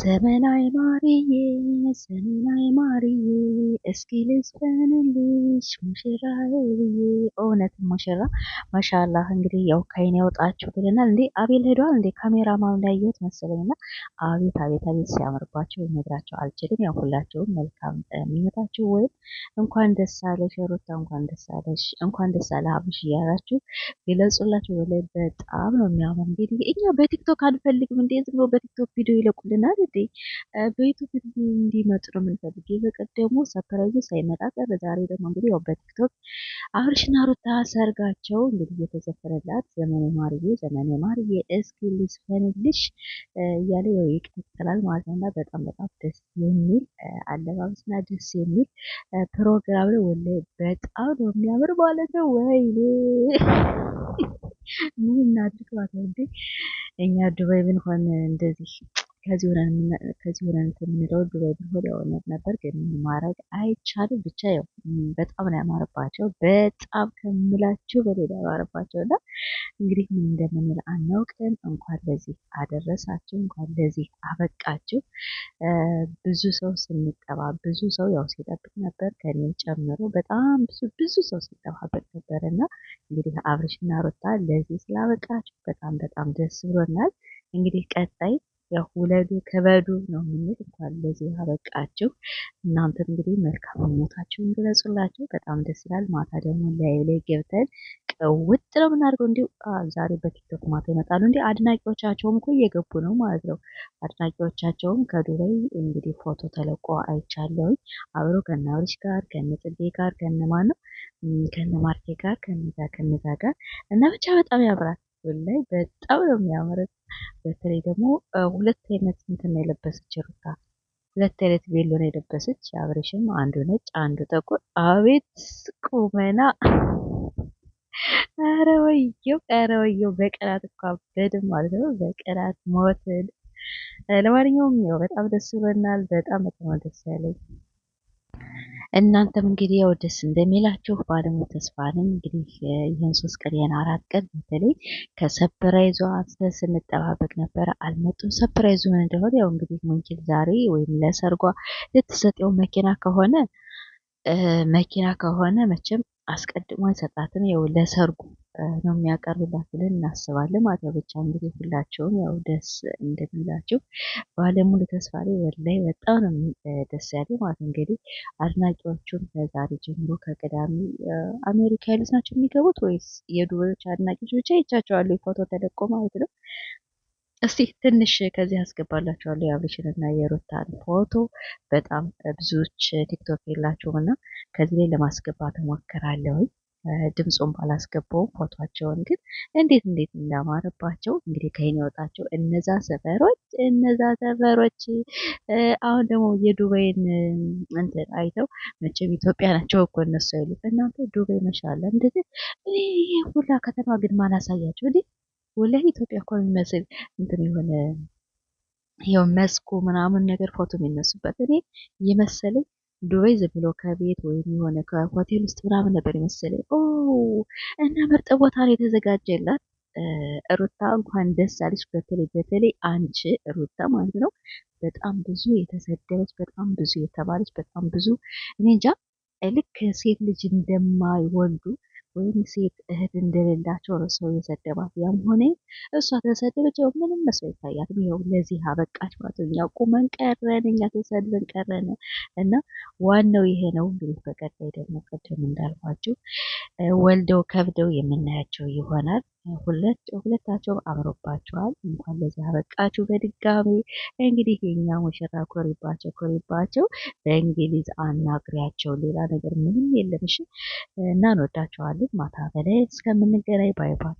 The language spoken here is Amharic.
ዘመናዊ ማርዬ ዘመናዊ ማርዬ እስኪ ልዝፈንልሽ ሙሽራ ብዬ እውነት ሙሽራ ማሻላህ እንግዲህ ያው ከአይን ያወጣችሁ ብለናል። እንዴ አቤል ሄዷል እንዴ ካሜራ ካሜራማኑ እንዳየሁት መሰለኝ እና አቤት አቤት አቤት ሲያምርባቸው ልነግራቸው አልችልም። ያው ሁላችሁም መልካም ምኞታችሁ ወይም እንኳን ደስ አለሽ ሩታ፣ እንኳን ደስ አለሽ፣ እንኳን ደስ አለ ሀብሽ እያላችሁ ግለጹላችሁ። በላይ በጣም ነው የሚያምር። እንግዲህ እኛ በቲክቶክ አንፈልግም እንዴ ዝም ብሎ በቲክቶክ ቪዲዮ ይለቁልናል እንዴ በዩቱ እንዲመጡ ነው የምንፈልግ። በቀደሙ ሰፕራይዙ ሳይመጣ ቀረ። ዛሬ ደግሞ እንግዲህ ያው በቲክቶክ አብርሽና ሩታ ሰርጋቸው እንግዲህ እየተዘፈነላት ዘመኔ ማርዬ ዘመኔ ማርዬ እስኪ ልስፈንልሽ እያለ ያው ይቀጥላል ማለት ነው። እና በጣም በጣም ደስ የሚል አለባበስና ደስ የሚል ፕሮግራም ነው። ወላሂ በጣም ነው የሚያምር ማለት ነው። ወይኔ ምን እናድርግ እኛ ዱባይ ብንሆን እንደዚህ ከዚህ ሆነን የምንለው ድሮ ቢሆን ያው ነበር፣ ግን ማድረግ አይቻልም። ብቻ ያው በጣም ነው ያማረባቸው፣ በጣም ከምላችሁ በሌላ ያማረባቸው እና እንግዲህ ምን እንደምንል አናውቅም። እንኳን ለዚህ አደረሳችሁ፣ እንኳን ለዚህ አበቃችሁ። ብዙ ሰው ስንጠባ ብዙ ሰው ያው ሲጠብቅ ነበር፣ ከኔም ጨምሮ በጣም ብዙ ብዙ ሰው ሲጠባበቅ ነበር እና እንግዲህ አብርሽና ሩታ ለዚህ ስላበቃችሁ በጣም በጣም ደስ ብሎናል። እንግዲህ ቀጣይ ያው ውለዱ ክበዱ ነው የምንል። እንኳን ለዚህ አበቃችሁ። እናንተ እንግዲህ መልካም ምኞታችሁን ግለጹላችሁ። በጣም ደስ ይላል። ማታ ደግሞ ላይ ላይ ገብተን ቀውጥ ነው የምናደርገው። እንዲሁ ዛሬ በቲክቶክ ማታ ይመጣሉ። እንዲ አድናቂዎቻቸውም እኮ እየገቡ ነው ማለት ነው። አድናቂዎቻቸውም ከዱባይ እንግዲህ ፎቶ ተለቆ አይቻለውኝ አብሮ ከነአብርሽ ጋር ከነጽጌ ጋር ከነማን ነው ከነማርኬ ጋር ከነዛ ከነዛ ጋር እና ብቻ በጣም ያምራል። ላይ በጣም ነው የሚያምረው። በተለይ ደግሞ ሁለት አይነት እንትን ነው የለበሰች ሩታ ሁለት አይነት ቬሎ ነው የለበሰች። አብሬሽም አንዱ ነጭ አንዱ ጥቁር። አቤት ቁመና! ኧረ ወየው! ኧረ ወየው! በቀናት እኮ አበድን ማለት ነው። በቀናት ሞትን። ለማንኛውም ያው በጣም ደስ ብሎናል። በጣም በጣም ደስ ያለኝ እናንተም እንግዲህ ያው ደስ እንደሚላችሁ ባለሙሉ ተስፋ ነኝ። እንግዲህ ይህን ሶስት ቀን ይህን አራት ቀን በተለይ ከሰፕራይዟ ስንጠባበቅ ነበረ፣ አልመጡም። ሰፕራይዙ ምን እንደሆነ ያው እንግዲህ ሙንኪል ዛሬ ወይም ለሰርጓ ልትሰጠው መኪና ከሆነ መኪና ከሆነ መቼም አስቀድሞ አይሰጣትም። ያው ለሰርጉ ነው የሚያቀርብላት ብለን እናስባለን ማለት ነው። ብቻ እንግዲህ ሁላቸውም ያው ደስ እንደሚላቸው ባለሙሉ ተስፋ ላይ ወላይ በጣም ነው ደስ ያለ ማለት ነው። እንግዲህ አድናቂዎቹን ከዛሬ ጀምሮ ከቅዳሜ አሜሪካ ያሉት ናቸው የሚገቡት ወይስ የዱባዮች አድናቂዎች ብቻ ይቻቸዋሉ? ፎቶ ተለቆ ማለት ነው። እስቲ ትንሽ ከዚህ አስገባላችኋለሁ የአብሬሽን እና የሩታን ፎቶ በጣም ብዙዎች ቲክቶክ የላቸውም እና ከዚህ ላይ ለማስገባት እሞክራለሁ። ድምፁን ባላስገባው ፎቷቸውን ግን እንዴት እንዴት እንዳማረባቸው እንግዲህ ከይን ያወጣቸው እነዛ ሰፈሮች እነዛ ሰፈሮች አሁን ደግሞ የዱባይን እንትን አይተው መቼም ኢትዮጵያ ናቸው እኮ እነሱ አይሉት እናንተ ዱባይ መሻለ እንደዚህ እኔ ሁላ ከተማ ግን ማላሳያቸው እንዴ ወላ ኢትዮጵያ እኮ የሚመስል እንትን የሆነ ይኸው መስኩ ምናምን ነገር ፎቶ የሚነሱበት እኔ የመሰለኝ ዱባይ ዝም ብሎ ከቤት ወይም የሆነ ከሆቴል ውስጥ ምናምን ነበር የመሰለኝ። ኦ እና ምርጥ ቦታ ነው የተዘጋጀላት። ሩታ እንኳን ደስ አለሽ። በተለይ በተለይ አንቺ ሩታ ማለት ነው በጣም ብዙ የተሰደበች፣ በጣም ብዙ የተባለች፣ በጣም ብዙ እኔ እንጃ ልክ ሴት ልጅ እንደማይወልዱ ወይም ሴት እህት እንደሌላቸው ነው ሰው የሰደባት። ያም ሆነ እሷ ተሰደበች፣ ያው ምንም መስሎ አይታያትም። ያው ለዚህ አበቃች ማለት ነው። እኛ ቁመን ቀረን፣ እኛ ተሰድበን ቀረን እና ዋናው ይሄ ነው። እንግዲህ በቀጣይ ደግሞ ቅድም እንዳልኳችሁ ወልደው ከብደው የምናያቸው ይሆናል። ሁለታቸውም አምሮባቸዋል። እንኳን ለዚህ አበቃችሁ። በድጋሚ እንግዲህ የኛ ሙሽራ ኮሪባቸው ኮሪባቸው። በእንግሊዝ አናግሪያቸው። ሌላ ነገር ምንም የለምሽ እና እንወዳቸዋለን። ማታ በላይ እስከምንገናኝ ባይባል